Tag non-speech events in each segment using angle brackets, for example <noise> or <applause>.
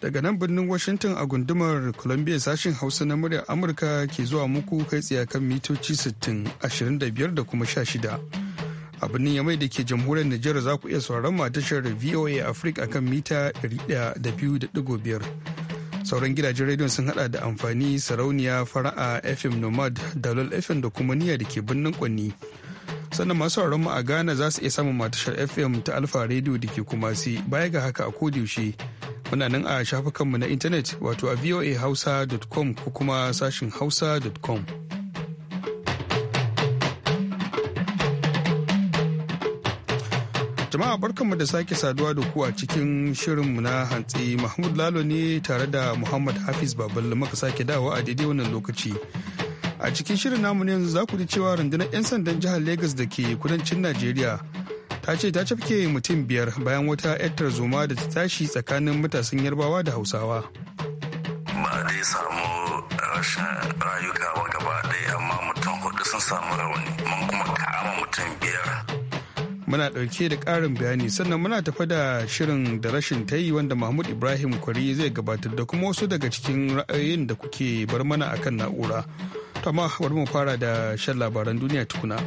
daga nan birnin washington a gundumar columbia sashen hausa na muryar amurka ke zuwa muku kai tsaye kan mitoci 60 25 da kuma 16 a birnin yamai da ke jamhuriyar nijar za ku iya sauran matashar tashar voa africa kan mita 102.5 sauran gidajen rediyon sun hada da amfani sarauniya fara'a fm nomad dalol fm da kuma niyya da ke birnin kwanni sannan masu sauraron mu a ghana za su iya samun matashar fm ta alfa radio da ke kumasi baya ga haka a yaushe Muna nan a shafukanmu na intanet wato a voahausa.com ko kuma sashin hausa.com. Jama'a barkanmu da sake saduwa da ku a cikin shirinmu na hantsi Mahmud Lalo ne tare da Muhammad Hafiz babal maka sake dawa a daidai wannan lokaci. A cikin shirin namu yanzu za ku ji cewa rundunar 'yan sandan jihar Legas da ke kudancin Najeriya ta ce ta cafke mutum biyar bayan wata 'yar tarzoma da ta tashi tsakanin matasan yarbawa da hausawa ba dai samu rashin rayuka ba gaba dai, amma mutum hudu sun samu rauni mun kuma kama mutum biyar muna ɗauke da ƙarin bayani sannan muna tafa da shirin da rashin ta yi wanda mahmud ibrahim kwari zai gabatar da kuma wasu daga cikin ra'ayoyin da kuke bar mana akan na'ura amma bari mu fara da shan labaran duniya tukuna.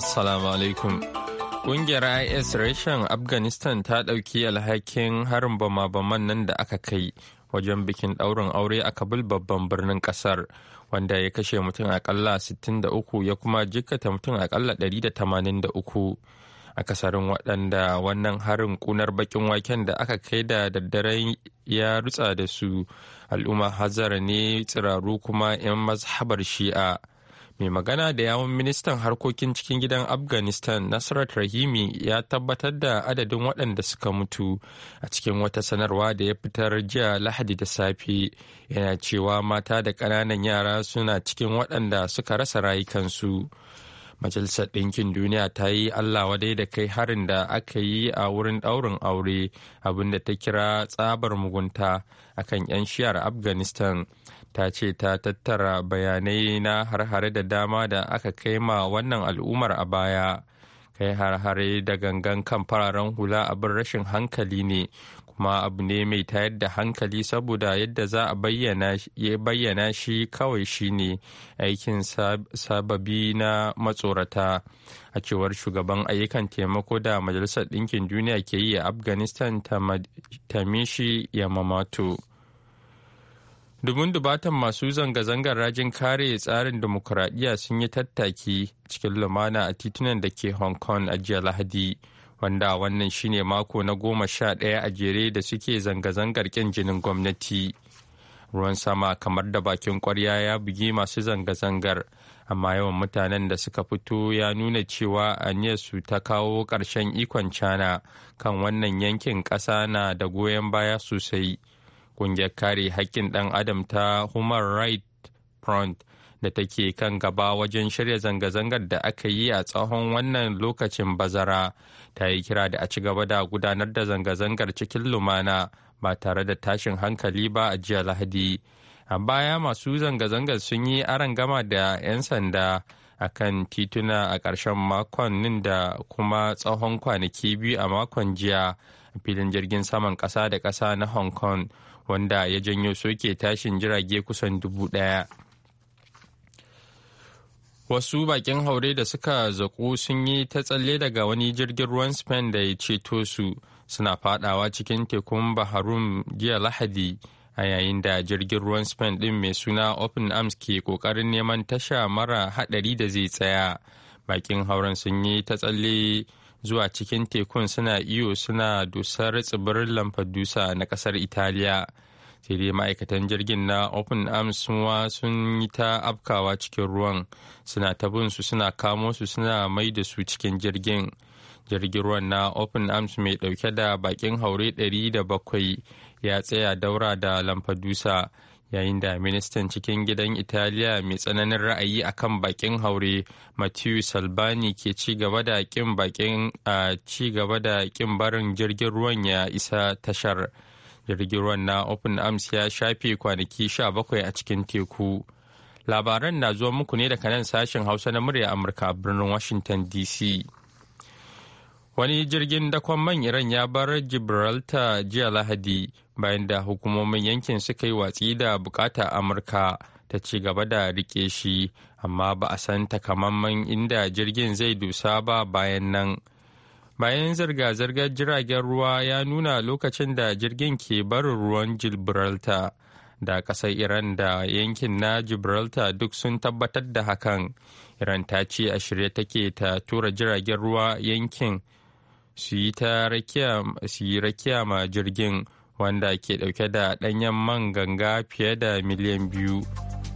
Assalamu alaikum. Ƙungiyar IS reshen Afghanistan ta ɗauki alhakin harin bama-baman nan da aka kai wajen bikin ɗaurin aure a Kabul babban birnin ƙasar, wanda ya kashe mutum aƙalla 63 ya kuma jikata mutum akalla 183. a kasarin waɗanda wannan harin kunar bakin waken da aka kai da daddare ya rutsa da su al'umma hazara ne tsiraru kuma 'yan mazhabar shi'a mai magana da yawon ministan harkokin cikin gidan afghanistan nasrat rahimi ya tabbatar da adadin waɗanda suka mutu a cikin wata sanarwa da ya fitar jiya lahadi da safe yana cewa mata da ƙananan yara suna cikin waɗanda suka rasa rayukansu majalisar ɗinkin duniya ta yi allah wadai da kai harin da aka yi a wurin ɗaurin aure abinda ta kira tsabar mugunta akan 'yan shiyar afghanistan ta ce ta tattara bayanai na harhare da dama da aka kai ma wannan al'ummar a baya kai harhare da gangan kan fararen hula abin rashin hankali ne kuma abu ne mai tayar da hankali saboda yadda za a bayyana shi kawai shi ne aikin sababi na matsorata a cewar shugaban ayyukan taimako da majalisar ɗinkin duniya ke yi a afghanistan tamishi mamato dubun dubatan masu zanga-zangar rajin kare tsarin demokuraɗiyya sun yi tattaki cikin lumana a titunan da ke hong kong a jiya lahadi wanda wannan shine mako na goma sha ɗaya a jere da suke zanga-zangar ƙin jinin gwamnati ruwan sama kamar da bakin ƙwarya ya bugi masu zanga-zangar amma yawan mutanen da suka fito ya nuna cewa su ta kawo ƙarshen ikon cana kan wannan yankin ƙasa na da goyon baya sosai Ƙungiyar kare hakkin ɗan adam ta Human Rights Front da take kan gaba wajen shirya zanga-zangar da aka yi a tsawon wannan lokacin bazara ta yi kira da a ci gaba da gudanar da zanga-zangar cikin lumana ba tare da tashin hankali ba a jiya lahadi a baya masu zanga-zangar sun yi aron gama da 'yan sanda a kan tituna a ƙarshen makon nin da kuma tsawon kwanaki biyu a makon jiya a filin jirgin saman ƙasa da ƙasa na hong kong wanda ya janyo soke tashin jirage kusan dubu ɗaya. Wasu bakin haure da suka zaƙu sun yi ta tsalle daga wani jirgin ruwan Spain da ya ceto su suna fadawa cikin tekun Baharum jiya Lahadi a yayin da jirgin ruwan Spain din mai suna Open Arms ke ƙoƙarin neman tasha mara haɗari da zai tsaya. Bakin hauren sun yi ta tsalle zuwa cikin tekun suna iyo suna dusar tsibirin lamfadusa na kasar italiya sai dai ma'aikatan jirgin na open arms sun yi ta afkawa cikin ruwan suna ta bin su suna kamo su suna mai da su cikin jirgin jirgin ruwan na open arms mai dauke da bakin haure 700 ya tsaya daura da lamfadusa yayin da ministan cikin gidan italiya mai tsananin ra'ayi a kan bakin haure matthew salbani ke cigaba gaba da kin bakin ci da barin jirgin ruwan ya isa tashar jirgin ruwan na open arms ya shafe kwanaki 17 a cikin teku labaran na zuwa muku ne daga nan sashen hausa na murya amurka a birnin washington dc wani jirgin dakon man iran ya bar gibraltar jiya lahadi bayan da hukumomin yankin suka yi watsi da bukata amurka ta ci gaba da rike shi amma ba a san takamaiman inda jirgin zai dusa ba bayan nan bayan zirga-zirgar jiragen ruwa ya nuna lokacin da jirgin ke barin ruwan gibraltar da kasar iran da yankin na gibraltar duk sun tabbatar da hakan iran ta ce a shirye take ta tura jiragen ruwa yankin su yi ta rakiya ma jirgin wanda ke dauke da danyen man ganga fiye da miliyan biyu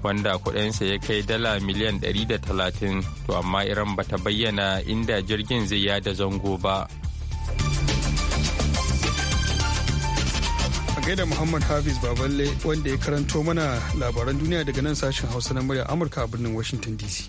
wanda kudinsa ya kai dala miliyan 130 to amma iran ta bayyana inda jirgin zai yada zango ba gaida Muhammad Hafiz Baballe wanda ya karanto mana labaran duniya daga nan sashen Hausa na murya Amurka a birnin Washington DC.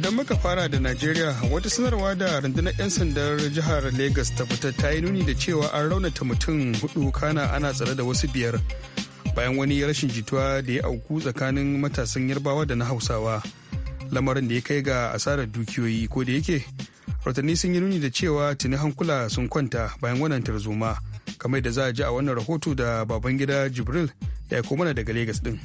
idan muka fara da Najeriya wata sanarwa da rundunar 'yan sandar jihar Legas ta fitar ta yi nuni da cewa an raunata mutum hudu kana ana tsare da wasu biyar bayan wani rashin jituwa da ya auku tsakanin matasan yarbawa da na hausawa lamarin da ya kai ga asarar dukiyoyi ko da yake rahotanni sun yi nuni da cewa tuni hankula sun kwanta bayan wannan tarzoma kamar da za a ji a wannan rahoto da baban gida jibril ya aiko mana daga Legas din.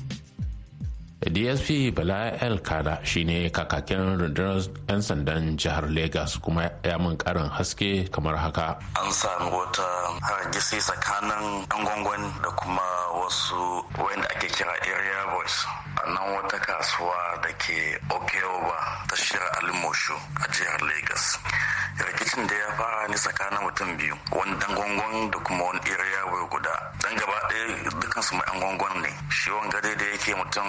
dsp bala el kada shine kakakin rundunar 'yan sandan jihar lagos kuma ya min karin haske kamar haka an sami wata hargitsi tsakanin 'yan gwangwani da kuma wasu wanda ake kira area boys a nan wata kasuwa da ke okeoba ta shirar alimoshu a jihar lagos rikicin da ya fara ne tsakanin mutum biyu wani dan gwangon da kuma wani area boy guda dan gaba ɗaya dukkan su mai gwangon ne shi wani gade da yake mutum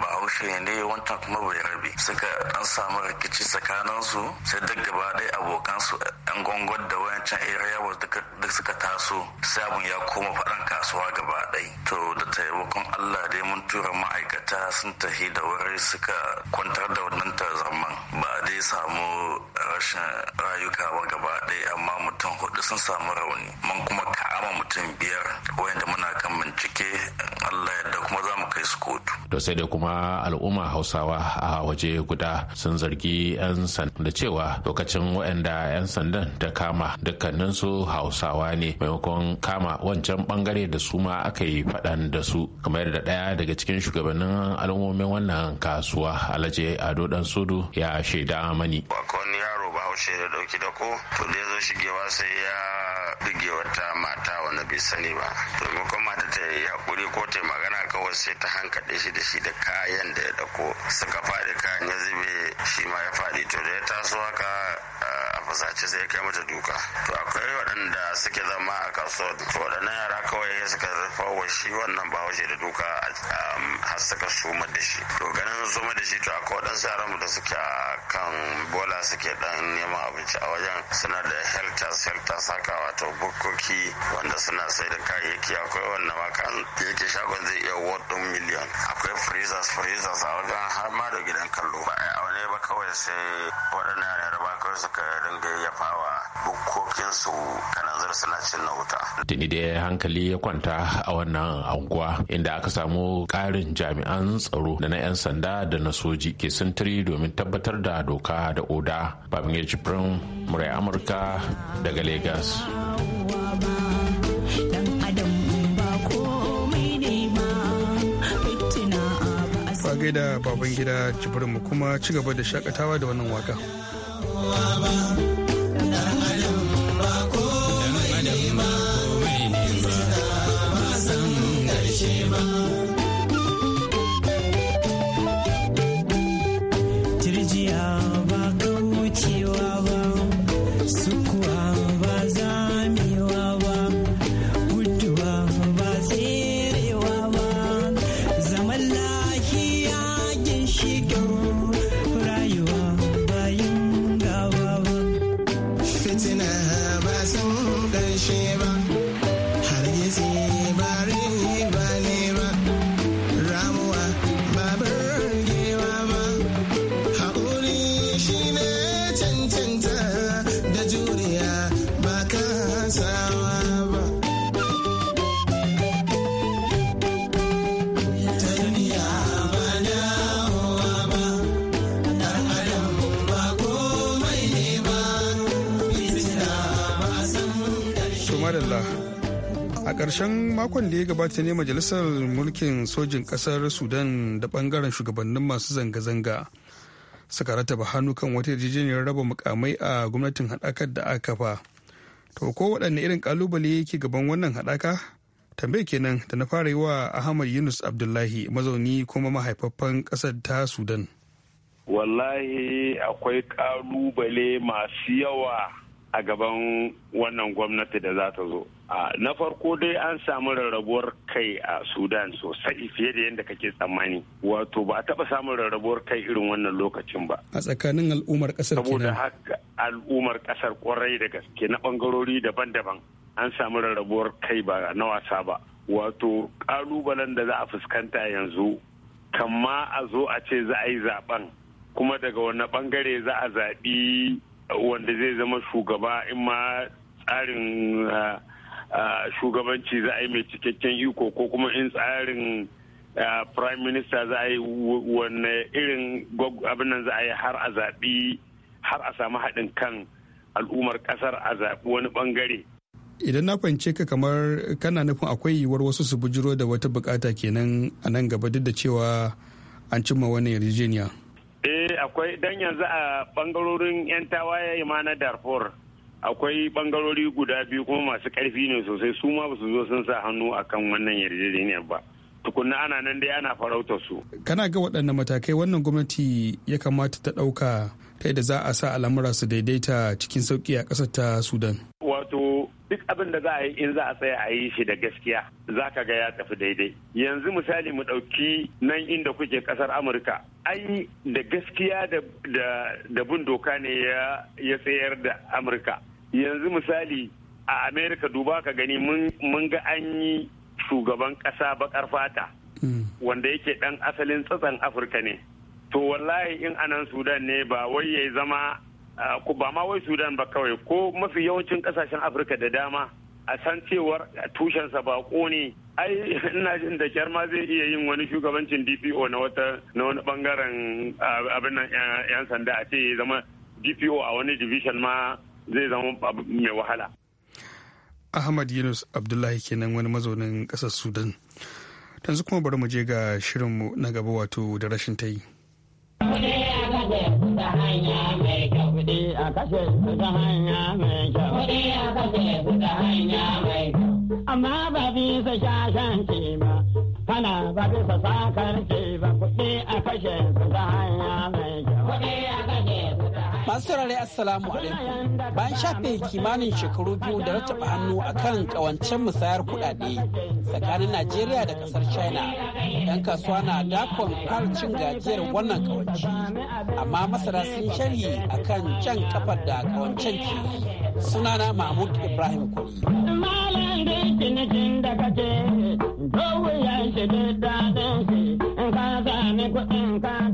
bahaushe ne wanta kuma bai rabe suka dan samu rikici tsakanin su sai duk gaba ɗaya abokan su yan gwangon da wayancan area boys duk suka taso sai abun ya koma faɗan kasuwa gaba to da taimakon allah dai mun tura ma'aikata sun tafi da wuri suka kwantar da wannan tarzaman ba dai samu rashin rayuka ba gaba ɗaya amma mutum hudu sun samu rauni mun kuma ka'ama mutum biyar wayanda muna kan bincike allah yadda kuma za mu kai su kotu to sai dai kuma al'umma hausawa a waje guda sun zargi 'yan sanda da cewa lokacin waɗanda 'yan sandan ta kama dukkaninsu hausawa ne maimakon kama wancan bangare da su ma aka aka yi faɗan da su kamar da ɗaya daga cikin shugabannin al'ummomin wannan kasuwa alaje ado dan sudu ya shaida mani yaro bahaushe da dauki da ko to da ya zo shigewa sai ya buge wata mata wanda bai sani ba to maimakon mata ta yi hakuri ko ta magana kawai sai ta hankaɗe shi da shi da kayan da ya dauko suka faɗi kayan ya zube shi ma ya faɗi to da ya taso haka fusace zai kai mata duka to akwai waɗanda suke zama a kaso to waɗannan yara kawai suka fawo shi wannan bahaushe da duka um, har suka suma da shi to ganin suma da shi to akwai waɗansu yaran da suke kan bola suke dan neman abinci a wajen suna da helters helters haka wato bukkoki wanda suna sai da kayayyaki akwai wannan ma kan yake shagon zai iya wadun miliyan akwai freezers freezers a wajen har ma da gidan kallo ba a ne ba kawai sai waɗannan yaraba kawai suka ringa wa bukkokinsu kananzar suna cin na wuta. Tuni da hankali ya kwanta a wannan anguwa inda aka samu ƙarin jami'an tsaro da na 'yan sanda da na soji ke sintiri domin tabbatar da doka da oda. Babin Jibrin, Murai Amurka daga Legas. da baban gida mu kuma ci gaba da shakatawa da wannan waka. makon da ya gabata ne majalisar mulkin sojin kasar sudan da bangaren shugabannin masu zanga-zanga suka rataba hannu kan wata yarjejeniyar raba mukamai a gwamnatin haɗakar da aka fa to ko waɗanne irin kalubale yake gaban wannan haɗaka tambaye kenan da na fara yi wa ahmad yunus abdullahi mazauni kuma mahaifaffen ƙasar ta sudan wallahi akwai kalubale masu yawa a gaban wannan gwamnati da za ta zo na farko dai an samu rarrabuwar kai a sudan sosai fiye da yadda kake tsammani wato ba a taba samun rarrabuwar kai irin wannan lokacin ba a tsakanin al'ummar kasar saboda haka al'ummar kasar kwarai da gaske na bangarori daban-daban an samu rarrabuwar kai ba na wasa ba wato kalubalen da za a fuskanta yanzu kamma a zo a ce za a yi zaben kuma daga wani bangare za a zaɓi wanda zai zama shugaba in ma tsarin ah, shugabanci za a yi mai cikakken iko ko kuma in tsarin prime minister za a yi wanne irin abin nan za a yi har a zaɓi har a samu haɗin kan al'ummar ƙasar a zaɓi wani ɓangare. idan na kwance ka kamar kana nufin akwai yiwuwar wasu su bujiro da wata bukata kenan a nan gaba duk da cewa an cimma wani yarjejeniya. eh akwai dan yanzu a bangarorin 'yan tawaye ma na darfur akwai bangarori guda biyu kuma masu karfi ne sosai su ma su zo sun sa hannu akan wannan yarjejeniyar ba tukunna ana nan dai ana farautar su kana ga waɗannan matakai wannan gwamnati ya kamata ta ɗauka ta yadda za a sa al'amura su daidaita cikin sauki a ƙasar ta sudan wato duk abin da za a yi in za a tsaya a yi shi da gaskiya za ka ga ya tafi daidai yanzu misali mu ɗauki nan inda kuke ƙasar amurka ai da gaskiya da bin doka ne ya tsayar da amurka yanzu misali a Amerika duba ka gani mun ga an yi shugaban kasa bakar fata hmm. wanda yake dan asalin tsatsan afirka ne to wallahi in anan sudan ne ba wai ya zama ba ma wai sudan ba kawai ko mafi yawancin kasashen afirka da dama a san cewar tushensa bako ne ai ina jin da kyar ma zai iya yin wani shugabancin dpo na wata na wani bangaren abin nan yan sanda a ce ya zama dpo a wani division ma zai zama mai wahala ahmad yunus abdullahi kenan wani mazaunin ƙasar sudan yanzu kuma bari mu je ga shirinmu na gaba wato da rashin ta yi amma ba bisa shashanci ba kana ba bisa sakarci ba Masu Assalamu alaikum. Bayan shafe kimanin shekaru biyu da rattaba hannu a kan kawancen musayar kudade tsakanin Najeriya da kasar China, 'yan kasuwa na dakon cin gajiyar wannan kawanci. Amma masara sun sharhi a kan can kafar da kawancen ke Sunana Mahmud Ibrahim Kuri. Malam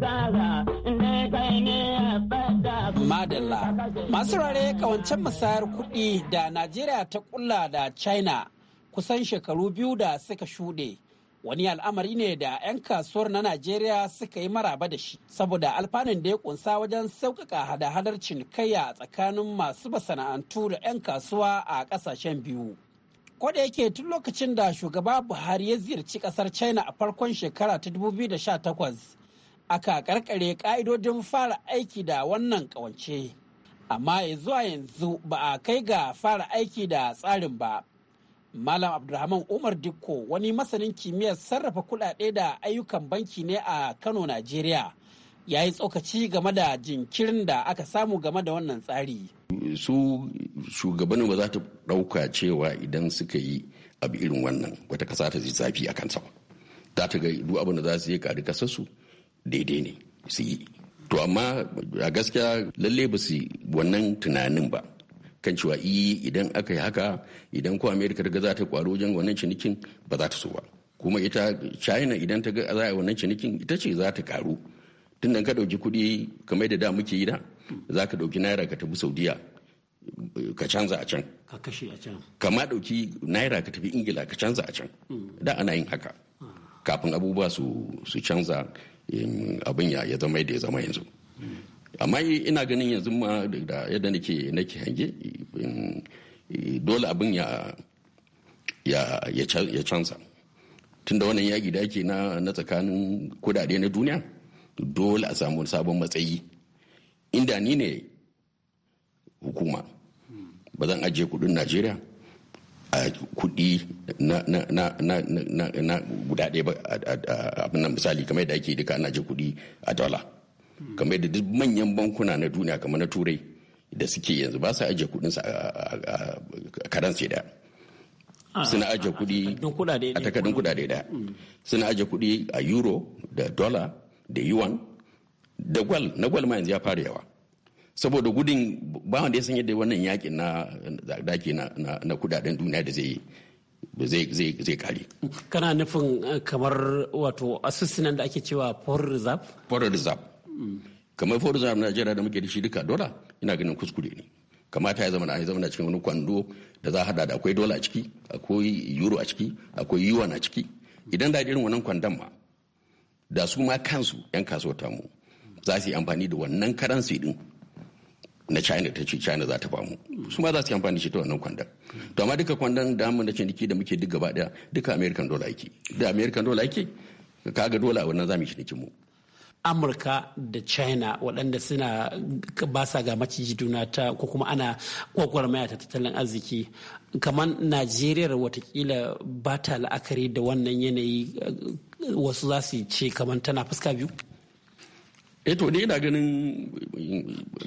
Masu rare kawancen musayar kuɗi da Najeriya ta kulla da China kusan shekaru biyu da suka shuɗe. Wani al'amari ne da 'yan kasuwar na Najeriya suka yi maraba da shi, saboda alfanun da ya kunsa wajen sauƙaƙa hada-hadar cinikayya tsakanin masu masana'antu da 'yan kasuwa a ƙasashen biyu. Koda yake tun lokacin da shugaba Buhari ya ziyarci ƙasar China a farkon shekara ta 2018, aka karkare ƙa'idodin fara aiki da wannan ƙawance. amma ya zuwa yanzu ba a kai ga fara aiki da tsarin ba. Malam Abdulrahman Umar Dikko wani masanin kimiyyar sarrafa kuɗaɗe da ayyukan banki ne a Kano, Najeriya. Ya yi tsokaci game da jinkirin da aka samu game da wannan tsari. Su shugabanni ba za ta ɗauka cewa idan suka yi abu irin wannan wata kasa ta zafi a kansa ba. Za ta ga duk abin da za su yi ƙari su daidai ne su yi. to amma a gaskiya lalle ba su wannan tunanin ba kan cewa iyi idan aka yi haka idan ko amerika ta ga za ta kwaro wajen wannan cinikin ba za ta so ba kuma ita china idan ta ga za a yi wannan cinikin ita ce za ta karu tun da ka ɗauki kuɗi kamar da da muke yi da za ka ɗauki naira ka tafi saudiya ka canza a can ka kashe a can kama ɗauki naira ka tafi ingila ka canza a can da ana yin haka kafin abubuwa su canza abin ya zama yadda ya zama yanzu amma ina ganin yanzu ma da yadda nake nake hange dole abin ya canza tunda wannan yaƙi da ake na tsakanin kudade na duniya dole a samu sabon matsayi inda ni ne hukuma ba zan ajiye kudin najeriya kuɗi na guda ɗaya ba abin nan misali kamar yadda ake duka ana je kuɗi a dala kamar yadda duk manyan bankuna na duniya kamar na turai da suke yanzu ba su ajiye kuɗinsu a karansi da ah. suna ajiye kuɗi a takardun kuɗaɗe da mm. suna ajiye kuɗi a euro da dollar da yuan da gwal na gwal ma yanzu ya fara yawa saboda gudun ba wanda ya san yadda wannan yakin na daki na kudaden duniya da zai zai kare. kana nufin eh, kamar wato asusunan da ake cewa foreign reserve foreign reserve kamar foreign reserve na najeriya da muke da shi duka dola ina ganin kuskure ne kamata ya zama na zama na cikin wani kwando da za a hada da akwai dola a ciki akwai euro a ciki akwai yuan a ciki idan da irin wannan kwandon ma da su ma kansu yan kasuwa tamu za su yi amfani da wannan karansi din na china ta ce china za ta bamu su ma za su yi amfani shi ta wannan kwandon to amma duka kwandon da mu na ciniki da muke duk gaba daya duka american dollar ake da american dollar ake kaga dola wannan zamu shi yi cinikin mu amurka da china waɗanda suna ba sa ga maciji juna ta ko kuma ana maya ta tattalin arziki kamar najeriya watakila ba ta la'akari da wannan yanayi wasu za su ce kamar tana fuska biyu E to dai ina ganin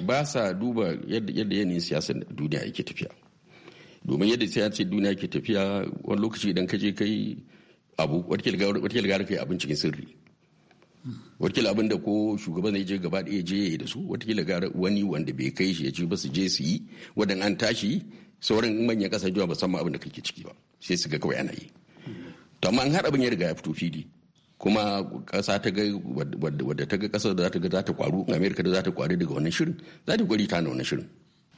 ba sa duba yadda yanayin siyasar duniya yake tafiya domin yadda siyasar duniya ke tafiya wani lokaci idan ka je kai abu wakil gara kai abin cikin sirri wakil abin da ko shugaban zai je gaba ɗaya je da su wakil gara wani wanda bai kai shi ya ce ba su je su yi wadan an tashi sauran manyan ƙasashe ba san abin da kake ciki ba sai su ga kawai ana yi to amma an har abin ya riga ya fito fili kuma ƙasa ta ga wadda ta ga ƙasar da za ta ga za ta kwaru amerika da za ta kwari daga wannan shirin za ta gwari ta na wannan shirin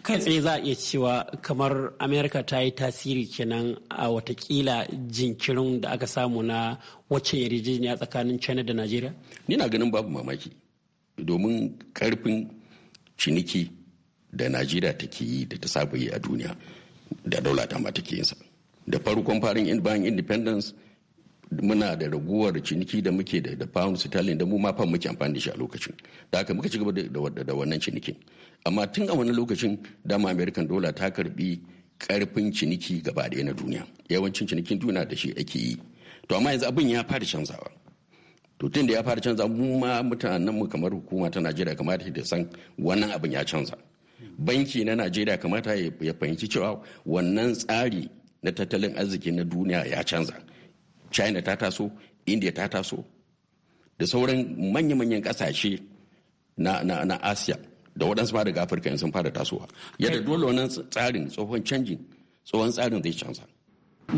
kai tsaye za a iya cewa kamar amerika ta yi tasiri kenan a watakila jinkirin da aka samu na wacce yarjejeniya tsakanin china da najeriya ni na ganin babu mamaki domin karfin ciniki da najeriya take yi da ta saba yi a duniya da daula ta ma take sa. da farkon farin bayan independence muna da raguwar ciniki da muke da da pound sterling da mu ma fa muke amfani da shi a lokacin da haka muka ci gaba da wannan cinikin amma tun a wannan lokacin dama american dollar ta karbi karfin ciniki gaba daya na duniya yawancin cinikin duniya da shi ake yi to amma yanzu abin ya fara canzawa to tun da ya fara canza mu ma mutanen mu kamar hukuma ta Najeriya kamata da san wannan abin ya canza banki na Najeriya kamata ya fahimci cewa wannan tsari na tattalin arziki na duniya ya canza china ta taso india ta taso da sauran manya-manyan kasashe na, na, na asiya da wadansu ma daga afirka sun fara tasowa yadda dole wannan tsarin tsohon canjin tsohon tsarin zai canza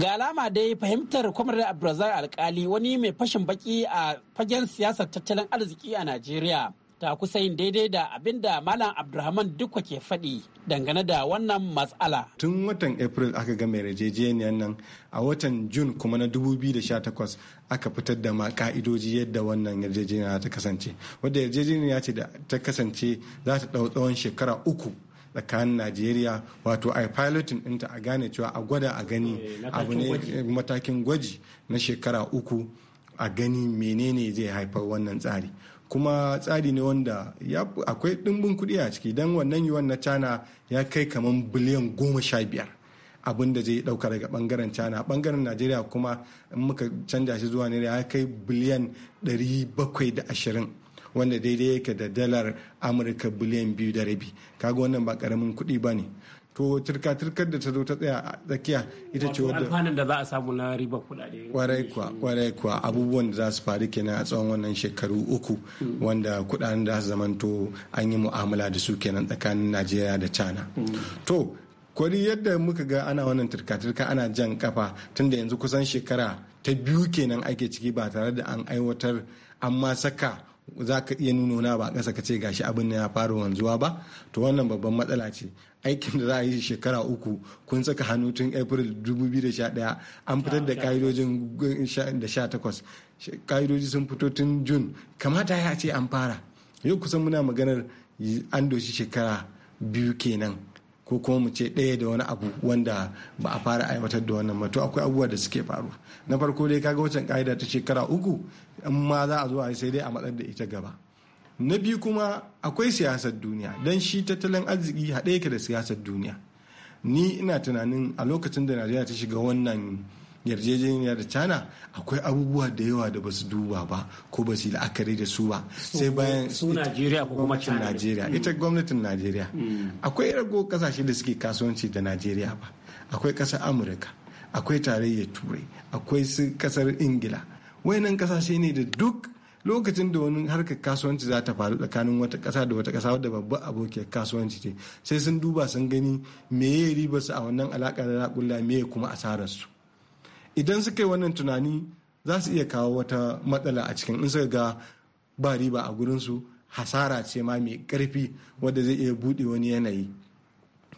ga alama dai fahimtar kwamar abdulrazak alkali wani mai fashin baki a fagen siyasar tattalin arziki a najeriya ta kusa yin daidai da abin da Malam Abdulrahman Dukwa ke faɗi dangane da wannan matsala. Tun watan April aka ga yarjejeniyar nan a watan Jun kuma na 2018 aka fitar da ma ka'idoji yadda wannan yarjejeniya ta kasance. Wadda yarjejeniya ce da ta kasance za ta ɗau tsawon shekara uku tsakanin najeriya wato a pilotin ɗinta a gane cewa a gwada a gani eh, abu ne eh, matakin gwaji na shekara uku a gani menene zai haifar wannan tsari kuma tsari ne wanda akwai ɗimbin kuɗi a ciki don wannan yuwan na china ya kai kamar biliyan goma sha biyar abinda zai ɗauka daga ɓangaren china ɓangaren najeriya kuma in muka canja shi zuwa naira ya kai biliyan ɗari bakwai da ashirin wanda daidai yake da dalar amurka biliyan biyu da rabi kaga wannan ba ƙaramin kuɗi ba ne to turka-turkar da ta zo ta tsaya a tsakiya ita ce wadda alfanun da za a samu na riba kudade. kwarai kuwa kwarai kuwa abubuwan da za su faru kenan a tsawon wannan shekaru uku wanda kudaden da su zamanto an yi mu'amala da su kenan tsakanin najeriya da china to kwari yadda muka ga ana wannan turka-turka ana jan kafa tunda yanzu kusan shekara ta biyu kenan ake ciki ba tare da an aiwatar an masaka saka za ka iya nuna ba kasa ka ce gashi abin ya fara wanzuwa ba to wannan babban matsala ce aikin da za a yi shekara uku kun saka hannu tun april 2011 an fitar da ka'idojin 18 ka'idoji sun fito tun jun kamata ya ce an fara yau kusan muna maganar an doshi shekara biyu kenan ko kuma mu ce ɗaya da wani abu wanda ba a fara aiwatar da wannan mato akwai abubuwa da suke faruwa na farko dai kaga wancan ka'ida ta shekara uku in ma za a zo a yi sai dai a matsar da ita gaba na biyu kuma akwai siyasar duniya don shi tattalin arziki haɗe yake da siyasar duniya ni ina tunanin a lokacin da najeriya ta shiga wannan yarjejeniya da china akwai abubuwa da yawa da basu duba ba ko ba su la'akari da su ba sai bayan su najeriya ko kuma china najeriya hmm. ita gwamnatin najeriya hmm. akwai rago kasashe da suke kasuwanci da najeriya ba akwai kasar amurka akwai tarayyar turai akwai su kasar ingila wayannan kasashe ne da duk lokacin da wani harkar kasuwanci za ta faru tsakanin wata kasa da wata kasa wadda babba abokiyar kasuwanci ce sai sun duba sun gani meye riba su a wannan alaƙa da raƙulla ya kuma asarar su idan suka yi wannan tunani za su iya kawo wata matsala a cikin in suka ga ba riba a su hasara ce ma mai ƙarfi wadda zai iya buɗe wani yanayi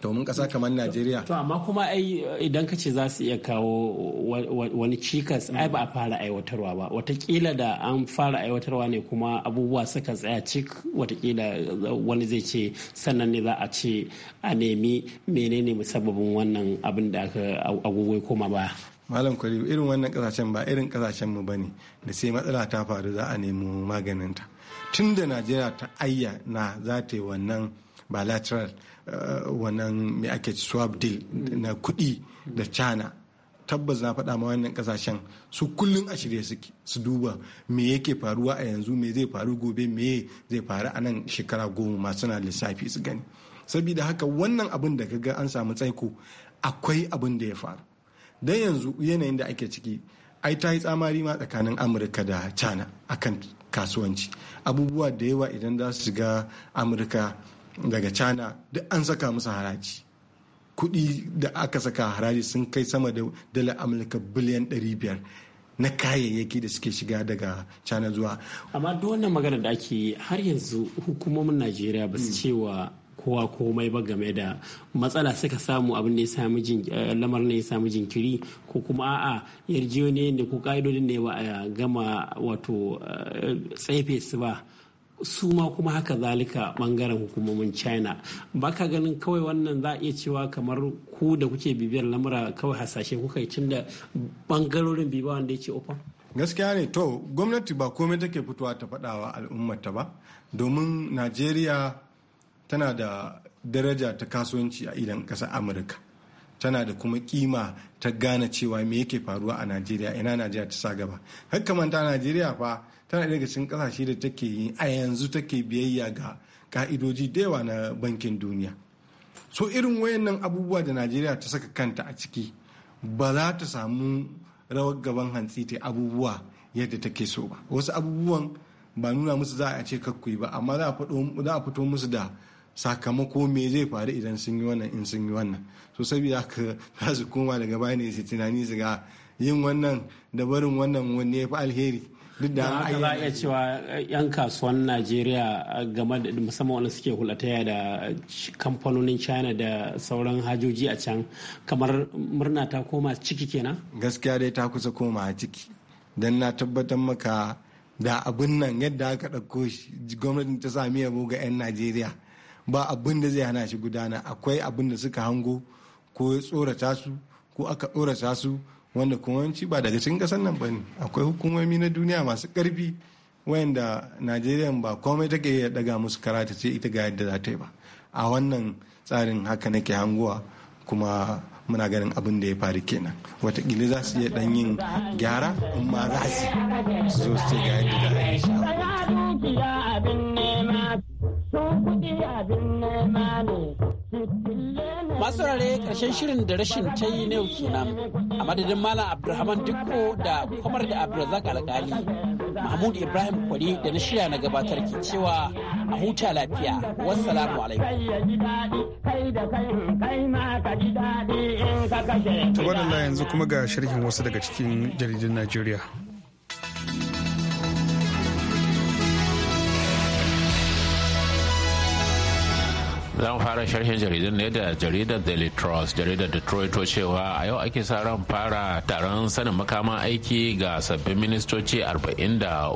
domin kasa kamar najeriya to amma kuma ai idan ka ce za su iya kawo wani cikas ai ba a fara aiwatarwa ba watakila da an fara aiwatarwa ne kuma abubuwa suka tsaya cik watakila wani zai ce sannan ne za a ce a nemi menene musabbabin wannan abin da aka agogoi koma ba malam kwari irin wannan kasashen ba irin kasashen mu bane da sai matsala ta faru za a nemi maganinta tun da najeriya ta na za ta yi wannan bilateral uh, wannan mai ake swap deal na kuɗi da china tabbas na faɗa ma wannan kasashen su kullum a shirye su duba me yake faruwa a yanzu me zai faru gobe me zai faru a nan shekara goma masu na lissafi su gani saboda haka wannan abin da ka ga an samu tsaiko akwai abin da ya faru dan yanzu yanayin da ake ciki ai ta yi tsamari ma tsakanin amurka da china akan kasuwanci abubuwa da yawa idan za su shiga amurka daga china duk an saka musu haraji kudi da aka saka haraji sun kai sama da dala amurka biliyan 500 na kayayyaki da suke shiga daga china zuwa amma duk wannan magana da ake har yanzu hukumomin najeriya ba su hmm. cewa kowa komai ba game da matsala suka samu abin da ya sami eh, lamarin ya sami jinkiri ko kuma a'a yarjejeniyoyin da ko ka'idodin ne ba a gama wato eh, tsefe su ba su ma kuma haka zalika bangaren hukumomin china ba ka ganin kawai wannan za a iya cewa kamar ku da kuke bibiyar lamura kawai hasashe kuka yi tunda bangarorin biba wanda ya ce ofa gaskiya ne to gwamnati ba komai take fitowa ta faɗawa al'ummata ba domin najeriya tana da daraja ta kasuwanci a idan ƙasar amurka tana da kuma kima ta gane cewa me yake faruwa a najeriya ina najeriya ta sa gaba manta najeriya fa tana daga cikin kasashe da take yi a yanzu take biyayya ga ka'idoji da yawa na bankin duniya so irin wayannan abubuwa da najeriya ta saka kanta a ciki ba za ta samu rawar gaban hantsi ta abubuwa yadda take so ba wasu abubuwan ba nuna musu za a ce kakku ba amma za a fito musu da sakamako me zai faru idan sun yi wannan in sun yi wannan so saboda ka <laughs> za su koma daga baya ne su tunani su ga yin wannan da barin wannan wanne ya fi alheri duk da ya cewa yan kasuwan najeriya game da musamman wanda suke hulataya da kamfanonin china da sauran hajoji a can kamar murna ta koma ciki kenan gaskiya dai ta kusa koma ciki don na tabbatar maka da abin nan yadda aka ɗauko shi gwamnatin ta sami yabo ga 'yan najeriya ba abin da zai hana shi gudana akwai abin da suka hango ko ya tsorata su ko aka tsorata su wanda kuma wanci ba daga cikin kasar nan ba ne akwai hukumomi na duniya masu ƙarfi wayanda najeriya ba komai take iya daga musu karata ce ita ga yadda za ta yi ba a wannan tsarin haka nake hanguwa kuma muna ganin abin da ya faru kenan watakila za su iya dan yin gyara in ma za su zo su ce ga yadda za a yi masu rare karshen shirin da rashin ta yi na yau kenan a madadin malam abdulrahman dikko da kwamar da abdulrazak alkali mahmud ibrahim kwari da na shirya na gabatar ke cewa a huta lafiya wassalamu alaikum ta yanzu kuma ga sharhin wasu daga cikin jaridun najeriya za mu fara sharhin jaridar ne da jaridar daily trust jaridar detroit to cewa a yau ake sa ran fara taron sanin makaman aiki ga sabbin ministoci 43 da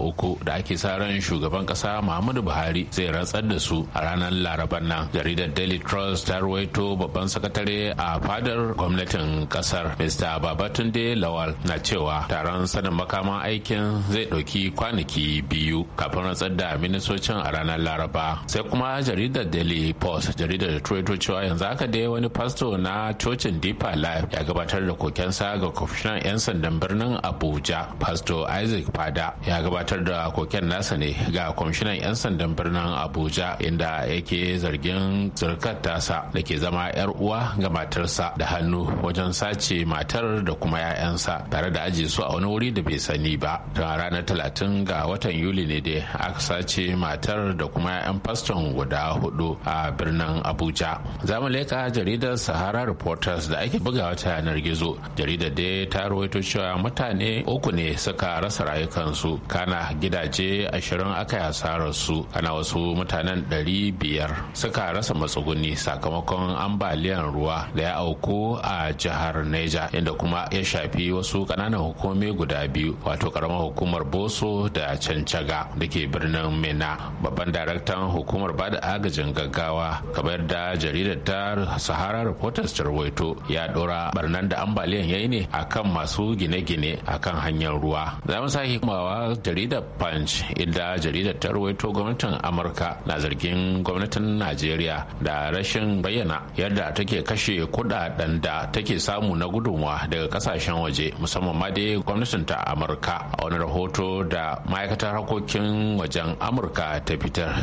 ake sa ran shugaban kasa muhammadu buhari zai rantsar da su a ranar laraban nan jaridar daily trust ta ruwaito babban sakatare a fadar gwamnatin kasar mr babatunde lawal na cewa taron sanin makaman aikin zai ɗauki kwanaki biyu kafin rantsar da ministocin a ranar laraba sai kuma jaridar daily post wata jaridar turaito cewa yanzu haka dai wani fasto na cocin deeper life ya gabatar da kokensa ga kwamishinan 'yan sandan birnin abuja fasto isaac fada ya gabatar da koken nasa ne ga kwamishinan 'yan sandan birnin abuja inda yake zargin zirkar tasa da ke zama 'yar uwa ga matarsa da hannu wajen sace matar da kuma 'ya'yansa tare da aji su a wani wuri da bai sani ba ta ranar talatin ga watan yuli ne dai aka sace matar da kuma 'ya'yan faston guda hudu a birnin birnin abuja za mu leka jaridar sahara reporters da ake buga ta yanar gizo jaridar dai ta rawaito cewa mutane uku ne suka rasa rayukansu kana gidaje ashirin aka yi hasarar su ana wasu mutanen ɗari biyar suka rasa matsuguni sakamakon ambaliyar ruwa da ya auku a jihar neja inda kuma ya shafi wasu ƙananan hukumi guda biyu wato karamar hukumar boso da cancaga da ke birnin mena babban daraktan hukumar bada agajin gaggawa kamar da jaridar ta sahara reporters ta rawaito ya dora barnan da ambaliyan yayi ne a kan masu gine-gine a kan hanyar ruwa za mu sake kumawa jaridar punch inda jaridar ta rawaito gwamnatin amurka na zargin gwamnatin najeriya da rashin bayyana yadda take kashe kudaden da take samu na gudunwa daga kasashen waje musamman ma dai gwamnatin ta amurka a wani rahoto da ma'aikatar harkokin wajen amurka ta fitar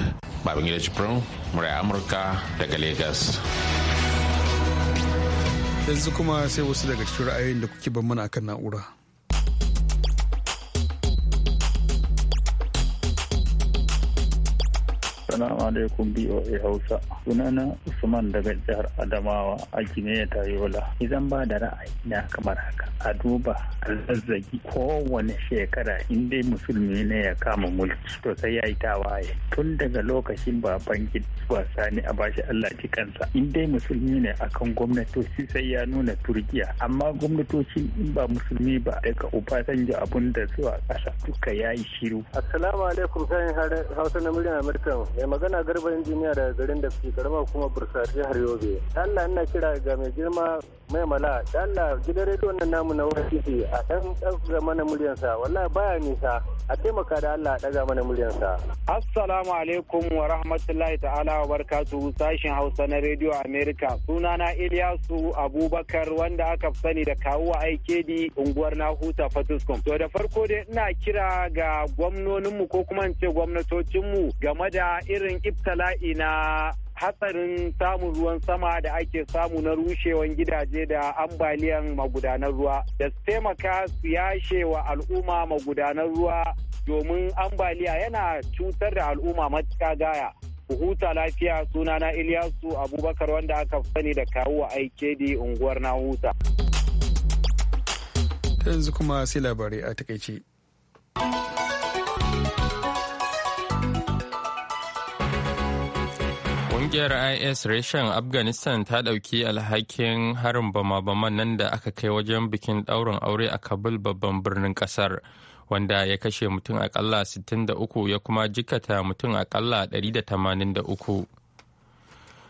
babangida cifirin murai amurka daga Legas. Yanzu kuma sai wasu daga cikin ra'ayoyin da kuke ban mana akan na'ura. Assalamu alaikum BOA Hausa. Sunana Usman daga jihar Adamawa a gine ta Yola. Idan ba da ra'ayi na kamar haka. A duba zazzagi kowane shekara in dai musulmi ne ya kama mulki to sai ya yi tawaye. Tun daga lokacin baban zuwa sani a bashi Allah ji kansa. In dai musulmi ne akan gwamnatoci sai ya nuna turkiya. Amma gwamnatoci in ba musulmi ba daga uba sanja abun da zuwa ƙasa duka ya yi shiru. Assalamu alaikum sayin Hausa na murya Amurka. magana garba injiniya daga garin da ke karama kuma bursa jihar yobe allah ina kira ga mai girma mai mala allah gidan rediyon nan namu na wani a ɗan ɗaga mana muryansa wallahi baya nisa a taimaka da allah a ɗaga mana muryansa assalamu alaikum wa rahmatullahi ta'ala wa barkatu sashin hausa na rediyo america sunana iliyasu abubakar wanda aka sani da a aikedi unguwar nahuta fatuskum to da farko dai ina kira ga gwamnoninmu ko kuma in ce gwamnatocinmu game da irin iftala'i na hatsarin samun ruwan sama da ake samu na rushewan gidaje da ambaliyan magudanar ruwa da su taimaka su yashe wa al'umma magudanar ruwa domin ambaliya yana cutar da al'umma matuƙa gaya ku huta lafiya sunana Ilyasu Abubakar wanda aka sani da kawo aikedi unguwar na huta. Yanzu kuma sai labarai a takaice. kungiyar IS reshen Afghanistan ta ɗauki alhakin harin bama-baman nan da aka kai wajen bikin ɗaurin aure a Kabul babban birnin ƙasar, wanda ya kashe mutum akalla 63 ya kuma jikata mutum akalla 183.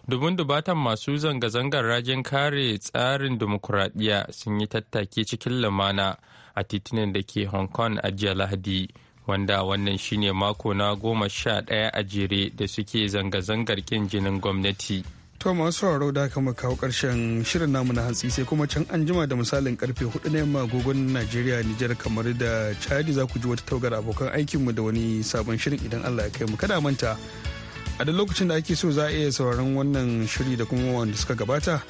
Dubun dubatan masu zanga-zangar rajin kare tsarin dimokuraɗiyya sun yi tattaki cikin lumana a titunan da ke Hong Kong a jiya Lahadi. wanda wannan shine mako na goma sha daya a jere da suke zanga-zangar kin jinin gwamnati. To masu sauraro da aka kawo karshen shirin namu na hantsi sai kuma can an jima da misalin karfe hudu na yamma agogon Najeriya Nijar kamar da Chadi za ku ji wata taugar abokan aikinmu da wani sabon shirin idan Allah ya kai mu kada manta. A da lokacin da ake so za a iya sauraron wannan shiri da kuma wanda suka gabata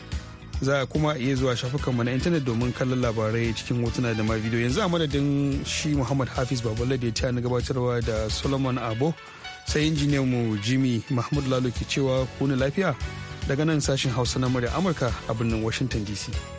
za a kuma iya zuwa shafukanmu mana intanet domin kallon labarai cikin hotuna da ma bidiyo yanzu a madadin shi muhammad hafiz babalar da ya ta na gabatarwa da solomon abo sai injiniyan mu jimmy mahmud lalo ke cewa kuna lafiya daga nan sashen hausa na murya amurka a birnin washington dc